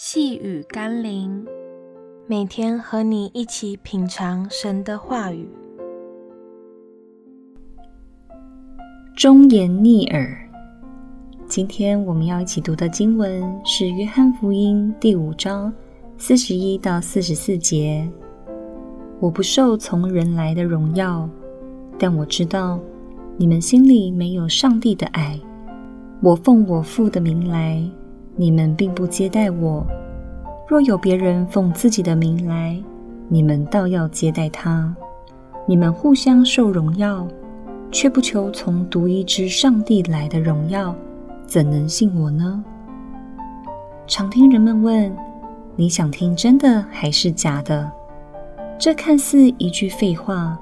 細語甘霖，每天和你一起品嘗神的話語。忠言逆耳。今天我們要一起讀的經文是《約翰福音》第五章四十一到四十四節。我不受從人來的榮耀，但我知道你們心裡沒有上帝的愛。我奉我父的名來。你們並不接待我，若有別人奉自己的名來，你們倒要接待他。你們互相受榮耀，卻不求從獨一之上帝來的榮耀，怎能信我呢？常聽人們問：“你想聽真的還是假的？”這看似一句廢話，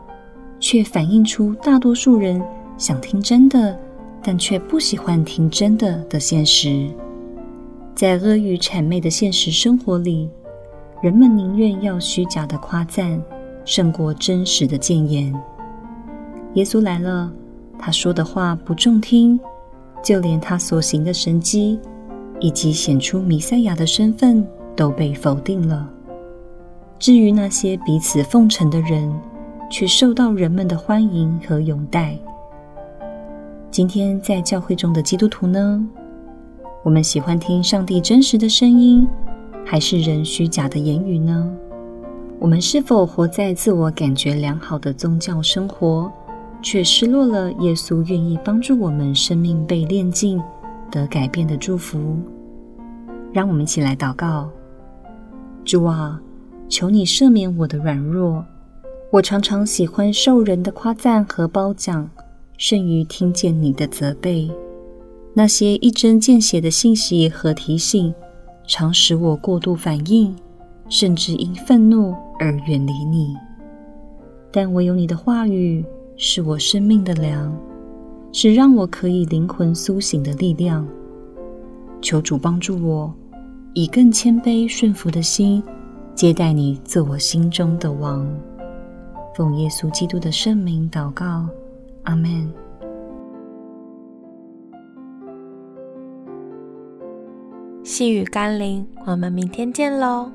卻反映出大多數人想聽真的，但卻不喜歡聽真的的現實。在阿諛諂媚的現實生活裡，人們寧願要虛假的誇讚，勝過真實的建言。耶穌來了，他說的話不中聽，就連他所行的神蹟，以及顯出彌賽亞的身份，都被否定了。至於那些彼此奉承的人，卻受到人們的歡迎和擁戴。今天在教會中的基督徒呢？我們喜歡聽上帝真實的聲音，還是人虛假的言語呢？我們是否活在自我感覺良好的宗教生活，卻失落了耶穌願意幫助我們生命被煉淨、得改變的祝福？讓我們一起來禱告：主啊，求你赦免我的軟弱，我常常喜歡受人的誇讚和褒獎，甚於聽見你的責備。那些一針見血的信息和提醒，常使我過度反應，甚至因憤怒而遠離你。但唯有你的話語是我生命的糧，是讓我可以靈魂甦醒的力量。求主幫助我，以更謙卑順服的心接待你，作我心中的王。奉耶穌基督的聖名禱告，阿們。細語甘霖，我們明天見嘍。